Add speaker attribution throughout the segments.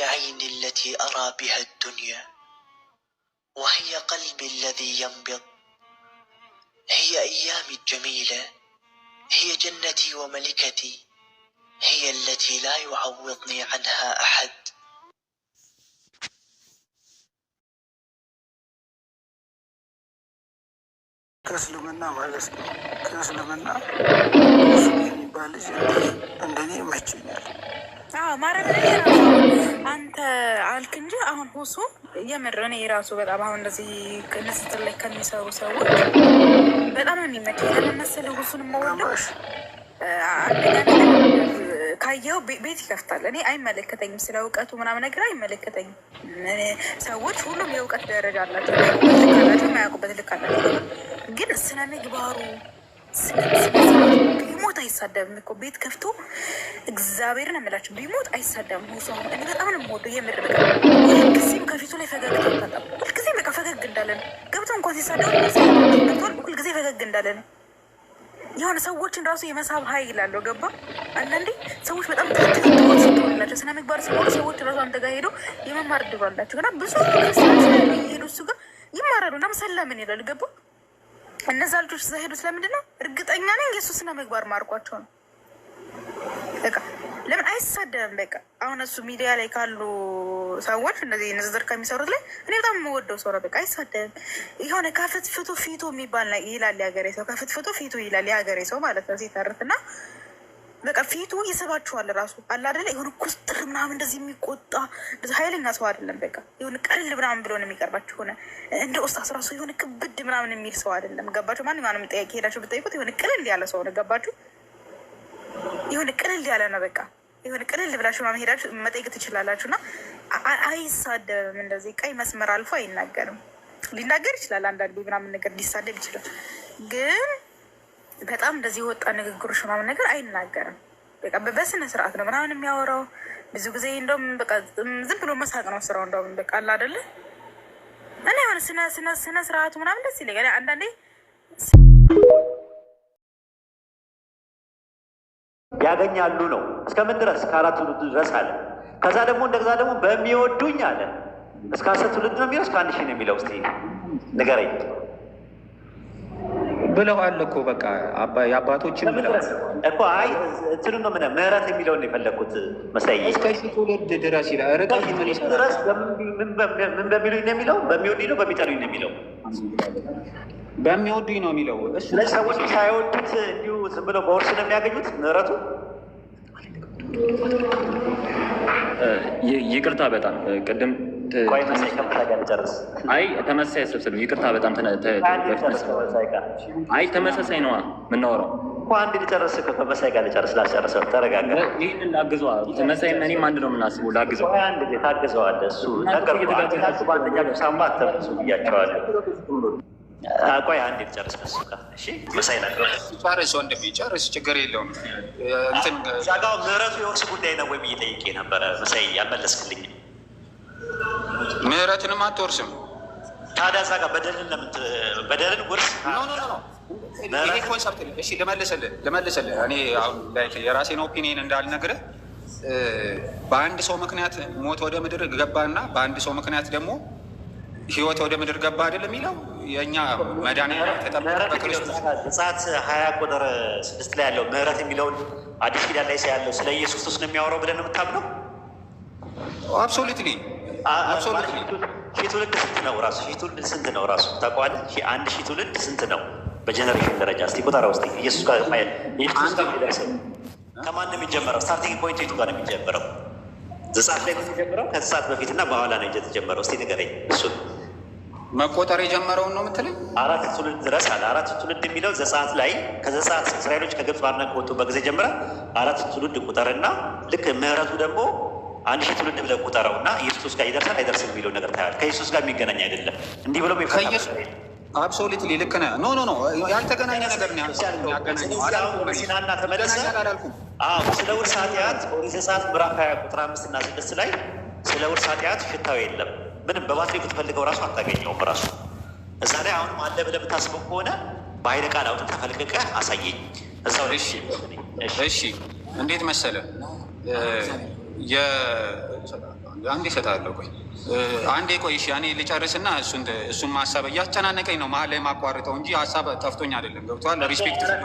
Speaker 1: هي عيني التي أرى بها الدنيا وهي قلبي الذي ينبض هي أيامي الجميلة هي جنتي وملكتي هي التي لا يعوضني عنها أحد
Speaker 2: كسلمنا ما كسلمنا ልጅ እንደኔ ይመቸኛል።
Speaker 3: ማረግ አንተ አልክ እንጂ አሁን ሁሱ የምር እኔ የራሱ በጣም አሁን እንደዚህ ንስትር ላይ ከሚሰሩ ሰዎች በጣም የሚመቸኝ ለመሰለ ሁሱን መወደው ካየው ቤት ይከፍታል። እኔ አይመለከተኝም፣ ስለ እውቀቱ ምናምን ነገር አይመለከተኝም። ሰዎች ሁሉም የእውቀት ደረጃ አላቸው፣ ልክ አላቸው፣ የማያውቁበት ልክ አላቸው። ግን ስነ ምግባሩ አይሳደብም እኮ ቤት ከፍቶ እግዚአብሔርን አምላችሁ ቢሞት አይሳደብም። ሰው እኔ በጣም ነው የምወደው የምር በቃ ሁልጊዜም ከፊቱ ላይ ፈገግታ ይታጣል። ሁልጊዜም በቃ ፈገግ እንዳለ ነው ገብቶ እንኳን ሲሳደብ ሁልጊዜ ፈገግ እንዳለ ነው። የሆነ ሰዎችን ራሱ የመሳብ ኃይል አለው። ገባ አንዳንዴ ሰዎች በጣም ትትትዎች ስትሆንላቸው ስነ ምግባር ሲሆኑ ሰዎች ራሱ አንተ ጋር ሄደው የመማር ድባላቸው ገና ብዙ ሄዱ እሱ ጋር ይማራሉ እና መሰለምን ይላል። ገባ እነዛ ልጆች ዘሄዱ ሄዱት ነው? እርግጠኛ ነኝ የሱስና ምግባር ማርኳቸው ነው። በቃ ለምን አይሳደብም? በቃ አሁን እሱ ሚዲያ ላይ ካሉ ሰዎች እነዚህ ንዝዝር ከሚሰሩት ላይ እኔ በጣም የምወደው ሰው ነው። በቃ አይሳደብም። የሆነ ከፍትፍቱ ፊቱ የሚባል ይላል የሀገሬ ሰው። ከፍትፍቱ ፊቱ ይላል የሀገሬ ሰው ማለት ነው ሲተርፍ እና በቃ ፊቱ ይስባችኋል። ራሱ አለ አይደለ? የሆነ ኩስትር ምናምን እንደዚህ የሚቆጣ እንደዚህ ኃይለኛ ሰው አይደለም። በቃ የሆነ ቀልል ምናምን ብሎ ነው የሚቀርባችሁ። ሆነ እንደ ኦስታስ ራሱ የሆነ ክብድ ምናምን የሚል ሰው አይደለም። ገባችሁ? ማንኛውንም ጠያቄ ሄዳችሁ ብጠይቁት የሆነ ቅልል ያለ ሰው ነው። ገባችሁ? የሆነ ቅልል ያለ ነው። በቃ የሆነ ቅልል ብላችሁ ምናምን ሄዳችሁ መጠየቅ ትችላላችሁ። እና አይሳደብም። እንደዚህ ቀይ መስመር አልፎ አይናገርም። ሊናገር ይችላል አንዳንድ ምናምን ነገር ሊሳደብ ይችላል ግን በጣም እንደዚህ የወጣ ንግግሮች ምናምን ነገር አይናገርም። በቃ በስነ ስርዓት ነው ምናምን የሚያወራው። ብዙ ጊዜ እንደውም በቃ ዝም ብሎ መሳቅ ነው ስራው። እንደውም በቃ አለ አይደለ እኔ ሆነ ስነ ስርዓቱ ምናምን ደስ ይለኛል አንዳንዴ
Speaker 4: ያገኛሉ ነው እስከምን ድረስ ከአራት ትውልድ ድረስ አለ። ከዛ ደግሞ እንደዛ ደግሞ በሚወዱኝ አለ እስከ አስር ትውልድ ነው የሚለው እስከ አንድ ሺህ ነው የሚለው። እስኪ ንገረኝ።
Speaker 5: ብለዋል እኮ በቃ የአባቶችን ብለዋል
Speaker 4: እኮ። አይ እንትኑ ነው ምን ምህረት የሚለውን የፈለግኩት መሳይ
Speaker 5: እስከዚህ ትውልድ ድረስ ይላል። ርቀት
Speaker 4: በሚሉኝ ነው የሚለው፣ በሚወዱኝ ነው በሚጠሉኝ ነው የሚለው፣
Speaker 5: በሚወዱኝ ነው የሚለው።
Speaker 4: ሰዎች ሳይወዱት እንዲሁ ዝም ብለው በውርስ ነው የሚያገኙት ምህረቱ።
Speaker 5: ይቅርታ በጣም ቅድም አይ ተመሳሳይ ስብስብ ይቅርታ፣ በጣም አይ ተመሳሳይ ነዋ የምናወራው
Speaker 4: አንድ ሊጨርስ ከመሳይ ጋር ሊጨርስ ላጨርሰ ተረጋጋ።
Speaker 5: ይህንን ላግዘዋ መሳይ እኔም አንድ ነው የምናስበው ላግዘው
Speaker 4: አንድ ታግዘዋለህ። እሱ ነገር በአንደኛ ሳማ ተብዙ ብያቸዋለሁ። ቆይ አንድ ሊጨርስ ከሱ ጋር መሳይ ነገር
Speaker 5: ጨርስ፣ ወንድሜ ጨርስ፣ ችግር የለውም።
Speaker 4: ዛጋው ምህረቱ የወርስ ጉዳይ ነው ወይ ብዬ ጠይቄ ነበረ። መሳይ አልመለስክልኝም።
Speaker 5: ምህረትንም አትወርስም።
Speaker 4: ታዲያ እዛ ጋር በደልን በደልን ውርስ
Speaker 5: ይሄ ኮንሰፕት ነው። እሺ ልመልስልህ ልመልስልህ እኔ አሁን የራሴን ኦፒኒየን እንዳልነግርህ በአንድ ሰው ምክንያት ሞት ወደ ምድር ገባና በአንድ ሰው ምክንያት ደግሞ ህይወት ወደ ምድር ገባ አይደል የሚለው የእኛ መዳን
Speaker 4: ተጠበቅበክርስቶስጻት ሀያ ቁጥር ስድስት ላይ ያለው ምህረት የሚለውን አዲስ ኪዳን ላይ ያለው ስለ ኢየሱስ ክርስቶስ ነው የሚያወራው ብለን የምታምነው አብሶሉትሊ ሺህ ትውልድ ስንት ነው ራሱ? ሺህ ትውልድ ስንት ነው ራሱ? ታውቀዋለህ? አንድ ሺህ ትውልድ ስንት ነው በጀነሬሽን ደረጃ? እስኪ ቁጠራ ውስጥ ኢየሱስ ከማን ነው የሚጀመረው? ስታርቲንግ ፖይንት የቱ ጋር ነው የሚጀመረው? ዘጻት ላይ ነው ከዘጻት በፊት እና በኋላ ነው የተጀመረው? እስኪ ንገረኝ እሱን
Speaker 5: መቆጠር የጀመረውን ነው የምትለኝ?
Speaker 4: አራት ትውልድ ድረስ አለ። አራት ትውልድ የሚለው ዘጸአት ላይ ከዘጸአት እስራኤሎች ከግብፅ ባርነት ከወጡ ጊዜ ጀምረ አራት ትውልድ ቁጠርና ልክ ምህረቱ ደግሞ አንድ ሺህ ትውልድ ብለህ ቁጠረው እና ኢየሱስ ጋር ይደርሳል አይደርስም የሚለው ነገር ታያል። ከኢየሱስ ጋር የሚገናኝ አይደለም። እንዲህ ብሎ
Speaker 5: አብሶሊት ልክ ነህ። ኖ ኖ ኖ ያልተገናኘ ነገር ነው
Speaker 4: ያገናኘው። ስለ ውርስ ኃጢአት ኦሪት ዘጸአት ምዕራፍ ሃያ ቁጥር አምስት እና ስድስት ላይ ስለ ውርስ ኃጢአት ሽታው የለም። ምንም በባትሪ ብትፈልገው ራሱ አታገኘውም። ራሱ እዛ ላይ አሁንም አለ ብለህ ብታስበው ከሆነ በአይነ ቃል አውጥ ተፈልቅቀ አሳየኝ እዛው። እሺ
Speaker 5: እሺ፣ እንዴት መሰለ አንዴ እሰጥሃለሁ። ቆይ አንዴ ቆይ፣ እሺ እኔ ልጨርስና እሱን ማሳብ እያስጨናነቀኝ ነው መሀል ላይ ማቋርጠው እንጂ ሀሳብ ጠፍቶኝ አይደለም። ገብቶሃል? ሪስፔክት ለሰው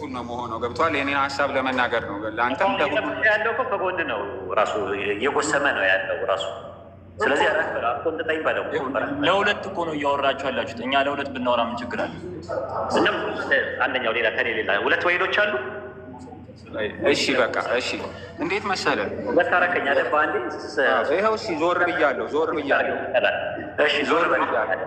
Speaker 5: ፉል ነው መሆነው። ገብቶሃል? የኔን ሀሳብ ለመናገር ነው።
Speaker 4: ለአንተም ያለው ከጎን ነው ራሱ እየጎሰመ ነው ያለው ራሱ ስለዚህ
Speaker 5: ለሁለት እኮ ነው እያወራችሁ ያላችሁት። እኛ ለሁለት ብናወራ ምን ችግር አለ?
Speaker 4: አንደኛው ሌላ ከሌ ሌላ ሁለት ወይዶች አሉ
Speaker 5: እሺ በቃ እሺ። እንዴት መሰለ
Speaker 4: መታረከኛ ደባ አንዴ
Speaker 5: ይኸው እሺ፣ ዞር ብያለሁ፣ ዞር ብያለሁ፣ ዞር ብያለሁ።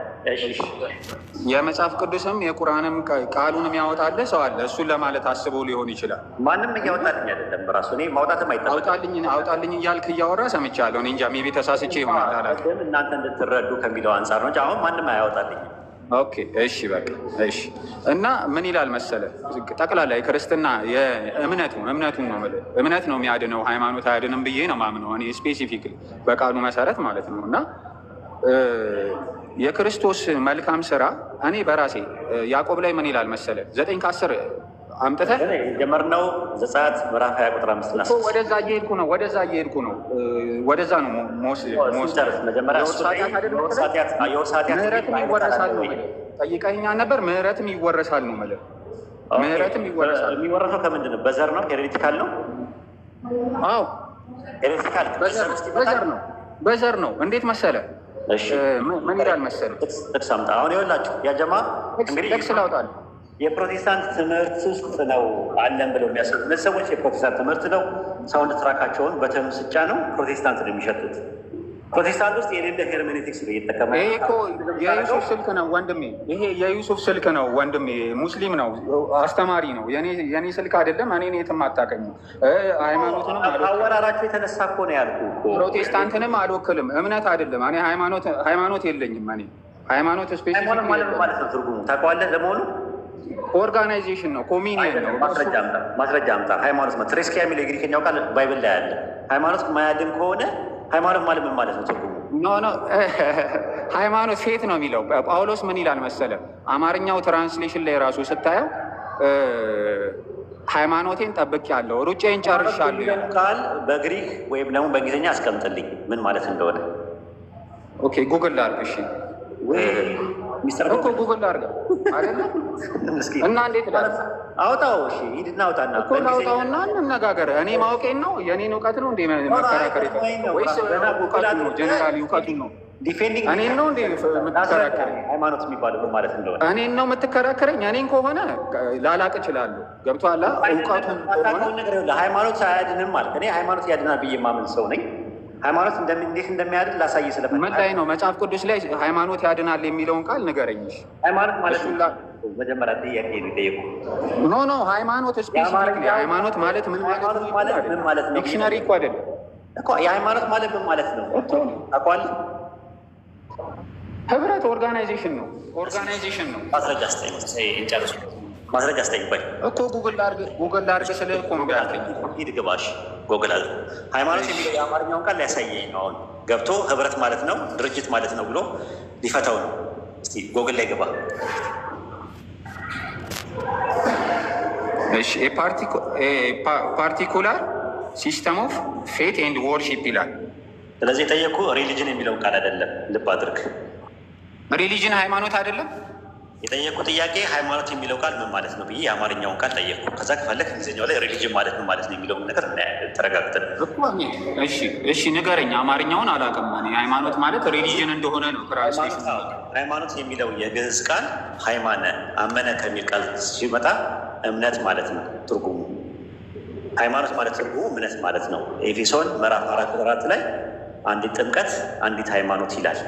Speaker 5: የመጽሐፍ ቅዱስም የቁርአንም ቃሉንም ያወጣልህ ሰው አለ። እሱን ለማለት አስበው ሊሆን ይችላል።
Speaker 4: ማንም እያወጣልኝ አይደለም፣ ራሱ እኔ ማውጣትም አይጠበቅም።
Speaker 5: አውጣልኝ አውጣልኝ እያልክ እያወራ ሰምቻለሁ። እኔ እንጃ ሜይ ቢ ተሳስቼ ይሆናል።
Speaker 4: እናንተ እንድትረዱ ከሚለው አንጻር ነው እንጂ አሁን ማንም አያወጣልኝም።
Speaker 5: ኦኬ እሺ በቃ እሺ። እና ምን ይላል መሰለ ጠቅላላ የክርስትና የእምነቱ እምነቱን ነው እምነት ነው የሚያድነው ሃይማኖት አያድንም ብዬ ነው ማምነው እኔ ስፔሲፊክ በቃሉ መሰረት ማለት ነው። እና የክርስቶስ መልካም ስራ እኔ በራሴ ያዕቆብ ላይ ምን ይላል መሰለ ዘጠኝ ከአስር አምጥተን
Speaker 4: የጀመርነው ዘጸአት ምዕራፍ ሀያ ቁጥር አምስት ነው።
Speaker 5: ወደዛ እየሄድኩ ነው። ወደዛ እየሄድኩ ነው። ወደዛ ነው። ምሕረትም ይወረሳል ነው ጠይቀኛ ነበር። ምህረትም ይወረሳል ነው ማለት ምህረትም ይወረሳል።
Speaker 4: የሚወረሰው ከምንድን ነው? በዘር ነው። ሄሬዲካል ነው። አዎ ሄሬዲካል
Speaker 5: በዘር ነው። በዘር ነው። እንዴት መሰለ ምን ይላል መሰለ
Speaker 4: ጥቅስ አምጣ። አሁን ይኸውላችሁ ያጀማ
Speaker 5: እንግዲህ ጥቅስ ላውጣል
Speaker 4: የፕሮቴስታንት ትምህርት ውስጥ ነው አለን ብለው የሚያስቡ እነዚህ ሰዎች የፕሮቴስታንት ትምህርት ነው። ሳውንድ ትራካቸውን ስጫ ነው ፕሮቴስታንት ነው የሚሸጡት። ፕሮቴስታንት ውስጥ የሌለ ሄርሜኔቲክስ ነው
Speaker 5: እየተጠቀመ። ይሄ እኮ የዩሱፍ ስልክ ነው ወንድሜ፣ ይሄ የዩሱፍ ስልክ ነው ወንድሜ። ሙስሊም ነው አስተማሪ ነው። የኔ ስልክ አይደለም። እኔ የትም አታቀኝ። ሃይማኖትንም
Speaker 4: አወራራቸው የተነሳ እኮ ነው ያልኩ።
Speaker 5: ፕሮቴስታንትንም አልወክልም። እምነት አይደለም እኔ ሃይማኖት የለኝም። እኔ ሃይማኖት
Speaker 4: ስፔሲፊክ ማለት ነው። ትርጉሙ ታውቀዋለህ ለመሆኑ
Speaker 5: ኦርጋናይዜሽን ነው፣ ኮሚኒየን ነው።
Speaker 4: ማስረጃ አምጣ። ሃይማኖት ማለት ሬስኪያ የሚል የግሪክኛው ቃል ባይብል ላይ ያለ ሃይማኖት ማያድን ከሆነ ሃይማኖት ማለት ምን ማለት ነው? ትርጉሙ
Speaker 5: ኖ ኖ ሃይማኖት ፌት ነው የሚለው ጳውሎስ ምን ይላል መሰለ፣ አማርኛው ትራንስሌሽን ላይ ራሱ ስታየው ሃይማኖቴን ጠብቄያለሁ፣ ሩጫዬን ጨርሻለሁ
Speaker 4: ቃል በግሪክ ወይም ደግሞ በእንግሊዝኛ አስቀምጥልኝ ምን ማለት እንደሆነ።
Speaker 5: ኦኬ ጉግል ላድርግ እሺ። እኮ ጉግል ላድርገው አይደለ? እና እንዴት
Speaker 4: አውጣው። እሺ ሂድና አውጣና
Speaker 5: እኮ ላውጣውና እንነጋገር። እኔ ማወቄን ነው የእኔን እውቀት ነው እንደ መከራከር ወይስ እውቀቱን ነው? ጀነራሊ እውቀቱን ነው እኔን ነው እንደ የምትከራከረኝ?
Speaker 4: ሃይማኖት የሚባለው ማለት እንደሆነ
Speaker 5: እኔን ነው የምትከራከረኝ? እኔን ከሆነ ላላቅ እችላለሁ። ገብቶሃል?
Speaker 4: እውቀቱን ሃይማኖት አያድንም ማለት እኔ ሃይማኖት ያድናል ብዬ ማምን ሰው ነኝ። ሃይማኖት እንዴት እንደሚያድን ላሳይ ስለፈ
Speaker 5: ምን ላይ ነው መጽሐፍ ቅዱስ ላይ ሃይማኖት ያድናል የሚለውን ቃል ንገረኝ።
Speaker 4: ሃይማኖት ማለት መጀመሪያ ጥያቄ የሚጠየቁ
Speaker 5: ኖ ኖ ሃይማኖት ስፔሲፊክ ሃይማኖት ማለት ምን ማለት ነው? ዲክሽነሪ እኮ አይደለም
Speaker 4: እኮ የሃይማኖት ማለት ምን ማለት ነው? አቋል
Speaker 5: ህብረት ኦርጋናይዜሽን ነው ኦርጋናይዜሽን ነው።
Speaker 4: ማስረጃ ስጨርሱ ማድረግ አስጠይቅበኝ
Speaker 5: እኮ ጉግል ላድርግ ጉግል ላድርግ ስለ ኮምፒድ
Speaker 4: ግባሽ ጉግል አለ ሃይማኖት የሚለው የአማርኛውን ቃል ሊያሳየኝ ነው። አሁን ገብቶ ህብረት ማለት ነው ድርጅት ማለት ነው ብሎ ሊፈታው ነው። እስቲ ጎግል ላይ ግባ።
Speaker 5: እሺ ፓርቲኩላር ሲስተም ኦፍ ፌት ኤንድ ዎርሺፕ ይላል።
Speaker 4: ስለዚህ የጠየኩ ሪሊጅን የሚለው ቃል አይደለም። ልብ አድርግ።
Speaker 5: ሪሊጅን ሃይማኖት አይደለም።
Speaker 4: የጠየቁ ጥያቄ ሃይማኖት የሚለው ቃል ምን ማለት ነው ብዬ የአማርኛውን ቃል ጠየቁ። ከዛ ከፈለግ እንግሊዝኛው ላይ ሪሊጅን ማለት ምን ማለት ነው የሚለውን ነገር ተረጋግጠን።
Speaker 5: እሺ ንገረኝ፣ አማርኛውን አላውቅም። ሃይማኖት ማለት ሪሊጅን እንደሆነ ነው።
Speaker 4: ሃይማኖት የሚለው የግዕዝ ቃል ሃይማነ አመነ ከሚል ቃል ሲመጣ እምነት ማለት ነው ትርጉሙ። ሃይማኖት ማለት ትርጉሙ እምነት ማለት ነው። ኤፌሶን ምዕራፍ አራት ላይ አንዲት ጥምቀት አንዲት ሃይማኖት ይላል።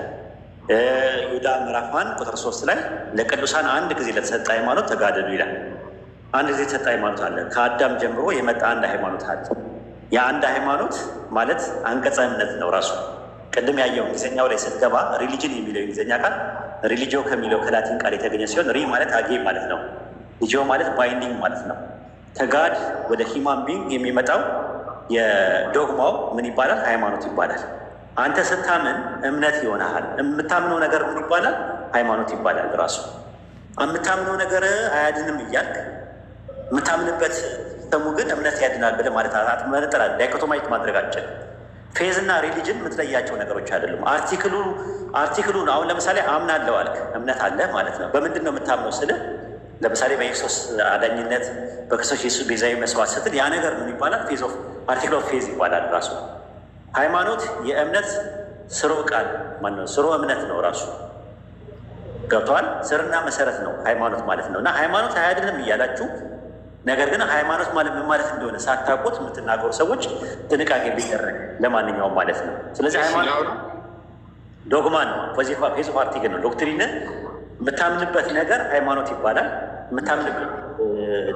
Speaker 4: ይሁዳ ምዕራፍ አንድ ቁጥር ሶስት ላይ ለቅዱሳን አንድ ጊዜ ለተሰጠ ሃይማኖት ተጋደዱ ይላል። አንድ ጊዜ የተሰጠ ሃይማኖት አለ። ከአዳም ጀምሮ የመጣ አንድ ሃይማኖት አለ። የአንድ ሃይማኖት ማለት አንቀጸ እምነት ነው ራሱ። ቅድም ያየው እንግሊዝኛው ላይ ስትገባ ሪሊጅን የሚለው የእንግሊዝኛ ቃል ሪሊጂዮ ከሚለው ከላቲን ቃል የተገኘ ሲሆን ሪ ማለት አጌ ማለት ነው። ሊጂዮ ማለት ባይንዲንግ ማለት ነው። ከጋድ ወደ ሂማን ቢንግ የሚመጣው የዶግማው ምን ይባላል? ሃይማኖት ይባላል። አንተ ስታምን እምነት ይሆናል። የምታምነው ነገር ምን ይባላል? ሃይማኖት ይባላል። ራሱ የምታምነው ነገር አያድንም እያልክ የምታምንበት ተሙ ግን እምነት ያድናል ብለህ ማለት መጠላል ዳይኮቶማይት ማድረጋችን ፌዝ እና ሪሊጅን የምትለያቸው ነገሮች አይደሉም። አርቲክሉ አርቲክሉን አሁን ለምሳሌ አምናለሁ አልክ እምነት አለ ማለት ነው። በምንድን ነው የምታምነው ስልህ ለምሳሌ በኢየሱስ አዳኝነት በክርስቶስ ኢየሱስ ቤዛዊ መስዋዕት ስትል ያ ነገር ምን ይባላል? ፌዝ ኦፍ አርቲክል ኦፍ ፌዝ ይባላል ራሱ ሃይማኖት የእምነት ስሮ ቃል ማነው? ስሩዕ እምነት ነው ራሱ ገብተዋል። ስርና መሰረት ነው ሃይማኖት ማለት ነው። እና ሃይማኖት አይደለም እያላችሁ ነገር ግን ሃይማኖት ማለት ምን ማለት እንደሆነ ሳታውቁት የምትናገሩ ሰዎች ጥንቃቄ ቢደረግ ለማንኛውም ማለት ነው። ስለዚህ ሃይማኖት ዶግማ ነው፣ ፌዝ ኦፍ አርቲክል ነው፣ ዶክትሪን የምታምንበት ነገር ሃይማኖት ይባላል። የምታምንበት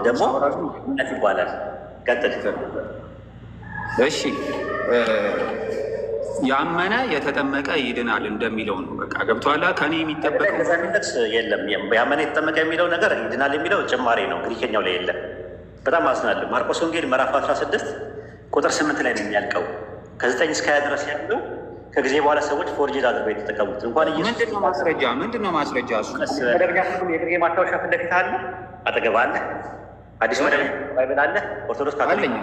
Speaker 4: ደግሞ እምነት ይባላል። ቀጥል።
Speaker 5: እሺ ያመነ የተጠመቀ ይድናል እንደሚለው ነው። በቃ ገብቶሃል። ከኔ የሚጠበቀው
Speaker 4: የለም። ያመነ የተጠመቀ የሚለው ነገር ይድናል የሚለው ጭማሬ ነው፣ ግሪከኛው ላይ የለም። በጣም አዝናለሁ። ማርቆስ ወንጌል ምዕራፍ 16 ቁጥር ስምንት ላይ ነው የሚያልቀው። ከዘጠኝ እስከ ሀያ ድረስ ያለው ከጊዜ በኋላ ሰዎች ፎርጅድ አድርገው የተጠቀሙት እንኳን
Speaker 5: ምንድነው ማስረጃ ምንድነው ማስረጃ እሱ
Speaker 4: መደበኛ የቅርጌ ማስታወሻ ፊት ለፊት አለ፣ አጠገብ አለ፣ አዲስ መደበኛ ባይብል አለ፣ ኦርቶዶክስ ካለኛ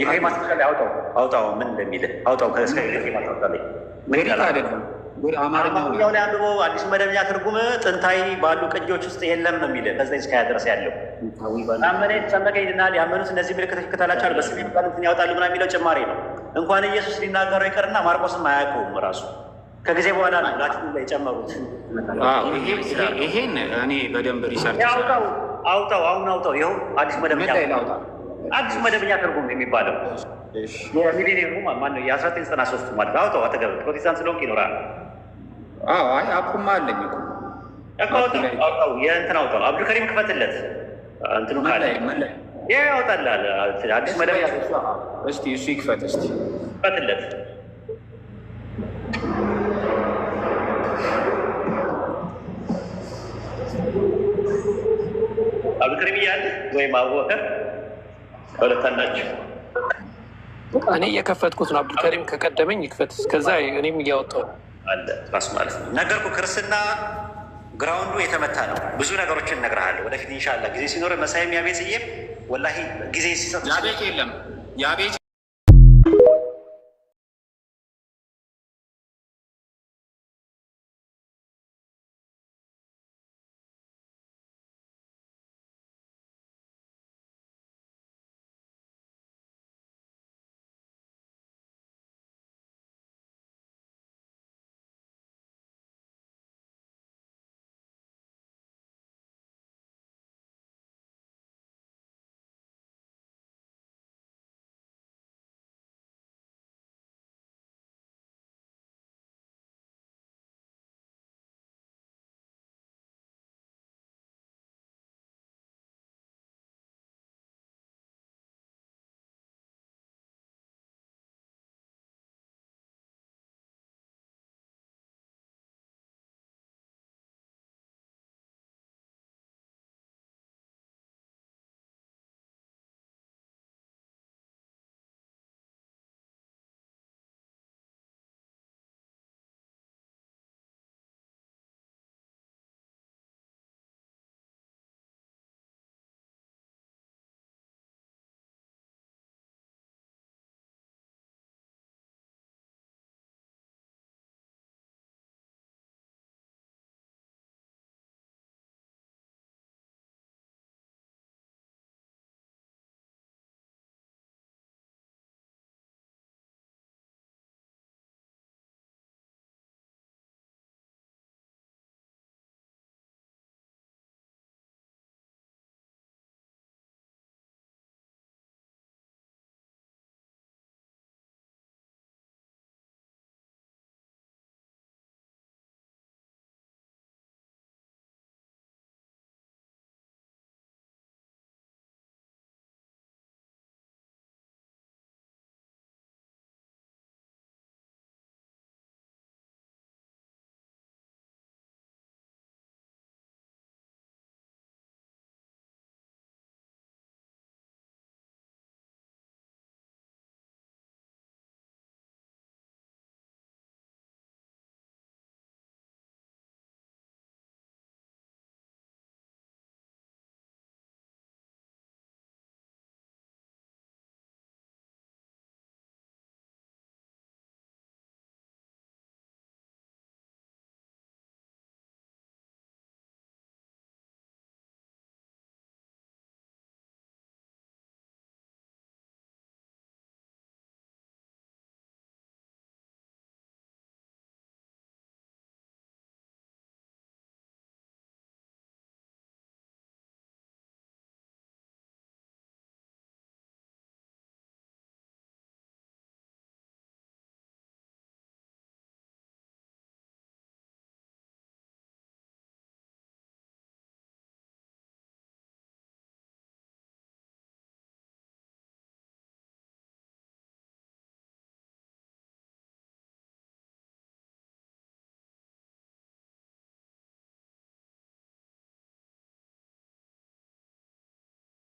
Speaker 4: የቀይ ማስታወሻ ላይ አውጣው አውጣው፣ ምን እንደሚል አውጣው። ከቀይ ላይ አንብቦ አዲሱ መደበኛ ትርጉም ጥንታዊ ባሉ ቅጂዎች ውስጥ የለም ነው የሚል ከዚ እስከ ድረስ ያለው ታመነ የተጨነቀ ይድናል፣ ያመኑት እነዚህ ምልክቶች ይከተላቸዋል፣ በስሜ ቃልትን ያወጣሉ ምናምን የሚለው ጭማሬ ነው። እንኳን ኢየሱስ ሊናገረው ይቅርና ማርቆስም አያውቀውም ራሱ ከጊዜ በኋላ ነው ላቲን ላይ የጨመሩት።
Speaker 5: ይሄን እኔ በደንብ ሪሰርች
Speaker 4: አውጣው አውጣው፣ አሁን አውጣው። ይኸው አዲስ መደበኛ አዲሱ መደበኛ ትርጉም ነው የሚባለው ሚሊኒየሙ ማነው የ1993 ማለት አውጣው አተገበ ፕሮቴስታንት ስለሆንክ ይኖራል
Speaker 5: አይ አፑማ አለኝ
Speaker 4: የእንትን አውጣው አብዱልከሪም ክፈትለት እንትኑ ካለ ይህ ያወጣልሃል አዲስ መደበኛ
Speaker 5: እስቲ እሱ ይክፈት እስቲ
Speaker 4: ክፈትለት አብዱልከሪም እያለ ወይም አቡበከር በረታላችሁ።
Speaker 5: እኔ እየከፈትኩት ነው። አብዱልከሪም ከቀደመኝ ይክፈት፣ እስከዛ እኔም እያወጣው
Speaker 4: አለ ራሱ ማለት ነው። ነገርኩ ክርስትና ግራውንዱ የተመታ ነው። ብዙ ነገሮችን እነግርሃለሁ ወደፊት ኢንሻላህ ጊዜ ሲኖር መሳይም ያቤት ስዬም ወላሂ ጊዜ ሲሰጥ ያቤት የለም ያቤት